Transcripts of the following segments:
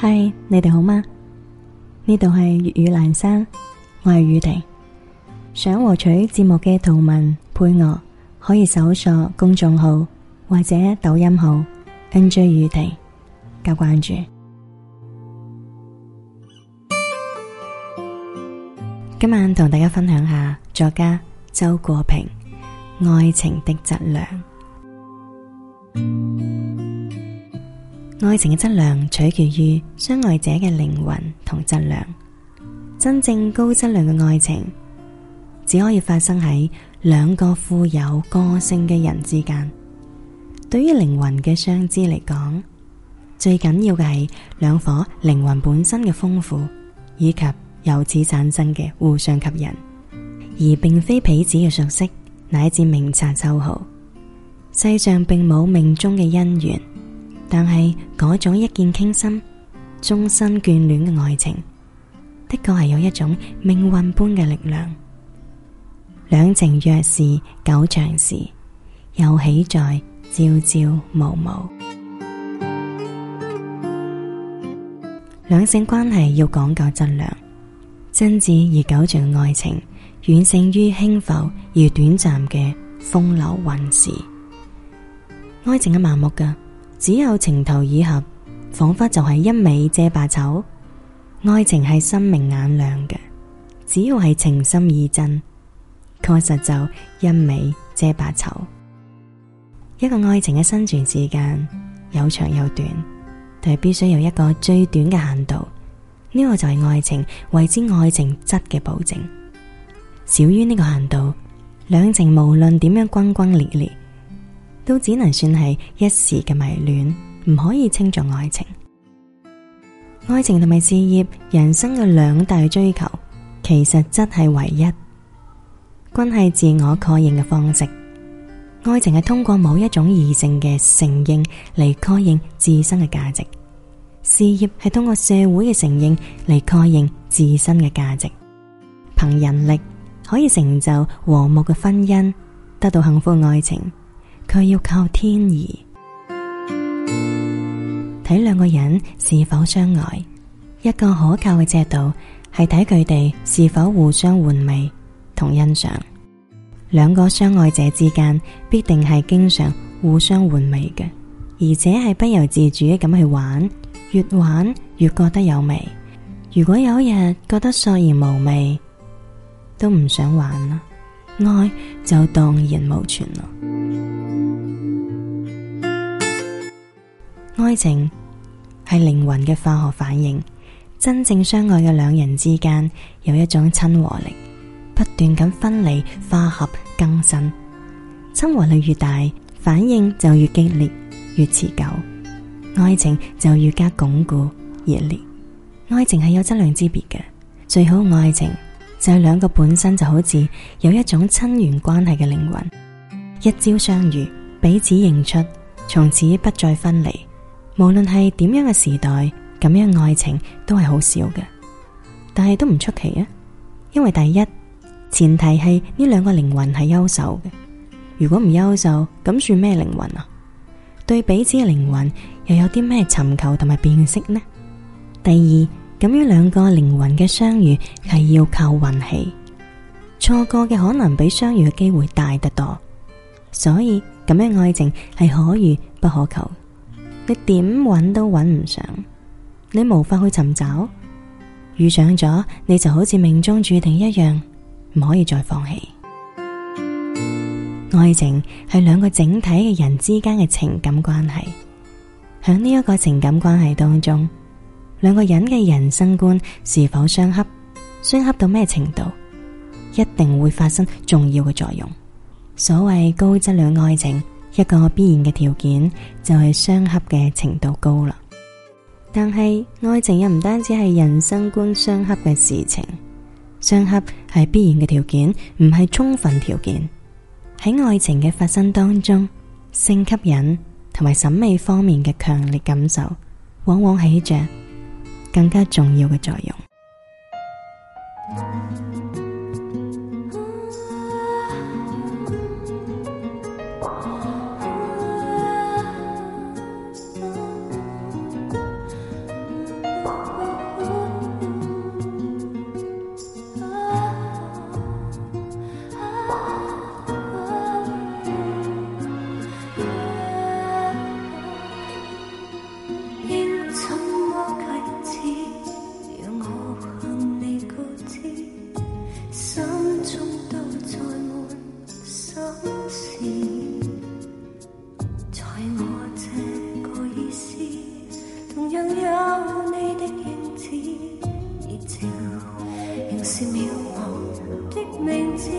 嗨，Hi，你哋好嗎？呢度係粵語闌珊，我係雨婷。想獲取節目嘅圖文配樂，可以搜索公眾號或者抖音號 N J 雨婷加關注。今晚同大家分享下作家周國平《愛情的質量》。愛情嘅質量取決於相愛者嘅靈魂同質量。真正高質量嘅愛情，只可以發生喺兩個富有個性嘅人之間。對於靈魂嘅相知嚟講，最緊要嘅係兩顆靈魂本身嘅豐富，以及由此產生嘅互相吸引，而並非彼此嘅熟悉乃至明察秋毫。世上並冇命中嘅姻緣。但係嗰種一見傾心、終身眷戀嘅愛情，的確係有一種命運般嘅力量。兩情若是久長時，又豈在朝朝暮暮？兩性關係要講究質量，真摯而久長嘅愛情遠勝於輕浮而短暫嘅風流韻事。愛情係盲目噶。只有情投意合，仿佛就係一美遮百醜。愛情係心明眼亮嘅，只要係情深意真，確實就一美遮百醜。一個愛情嘅生存時間有長有短，但必須有一個最短嘅限度，呢個就係愛情為之愛情質嘅保證。小於呢個限度，兩情無論點樣轟轟烈烈。都只能算係一時嘅迷戀，唔可以稱作愛情。愛情同埋事業，人生嘅兩大追求，其實則係唯一，均係自我確認嘅方式。愛情係通過某一種異性嘅承認嚟確認自身嘅價值，事業係通過社會嘅承認嚟確認自身嘅價值。憑人力可以成就和睦嘅婚姻，得到幸福嘅愛情。佢要靠天意，睇兩個人是否相愛。一個可靠嘅尺度係睇佢哋是否互相換味同欣賞。兩個相愛者之間必定係經常互相換味嘅，而且係不由自主咁去玩，越玩越覺得有味。如果有一日覺得索然無味，都唔想玩啦，愛就蕩然無存啦。愛情係靈魂嘅化學反應，真正相愛嘅兩人之間有一種親和力，不斷咁分離、化合、更新。親和力越大，反應就越激烈、越持久，愛情就越加鞏固、熱烈。愛情係有質量之別嘅，最好愛情就係兩個本身就好似有一種親緣關係嘅靈魂，一朝相遇，彼此認出，從此不再分離。無論係點樣嘅時代，咁樣愛情都係好少嘅，但係都唔出奇啊！因為第一前提係呢兩個靈魂係優秀嘅，如果唔優秀，咁算咩靈魂啊？對彼此嘅靈魂又有啲咩尋求同埋辨識呢？第二咁樣兩個靈魂嘅相遇係要靠運氣，錯過嘅可能比相遇嘅機會大得多，所以咁樣愛情係可遇不可求。你點搵都搵唔上，你無法去尋找，遇上咗你就好似命中注定一樣，唔可以再放棄。愛情係兩個整體嘅人之間嘅情感關係，響呢一個情感關係當中，兩個人嘅人生觀是否相契，相契到咩程度，一定會發生重要嘅作用。所謂高質量愛情。一個必然嘅條件就係相合嘅程度高啦。但係愛情又唔單止係人生觀相合嘅事情，相合係必然嘅條件，唔係充分條件。喺愛情嘅發生當中，性吸引同埋審美方面嘅強烈感受，往往起着更加重要嘅作用。在我這個意思，同樣有你的影子，熱情仍是渺茫的名字，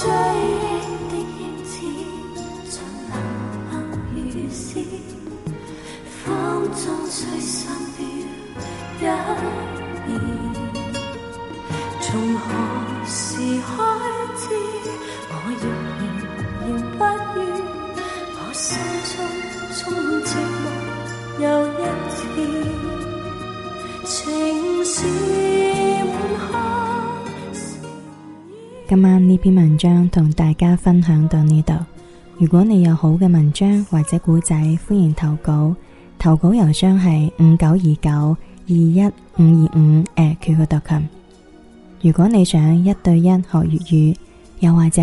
追憶的影子像冷冷雨絲，風中吹散。心中充滿一次。情今晚呢篇文章同大家分享到呢度。如果你有好嘅文章或者古仔，歡迎投稿。投稿郵箱係五九二九二一五二五誒，QQ 讀琴。如果你想一對一學粵語，又或者……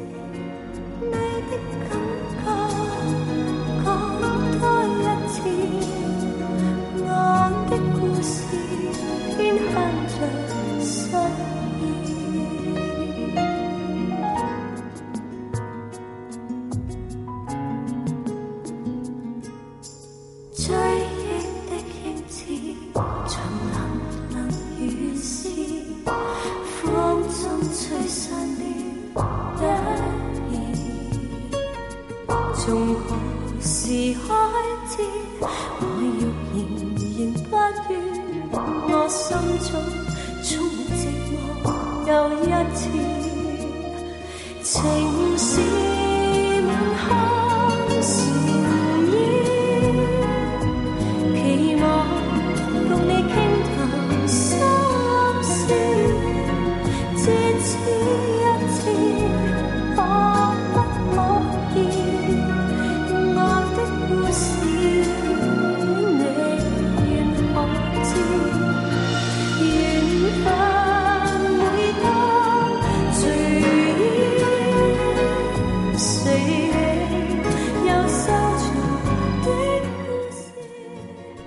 心中充滿寂寞，又一次情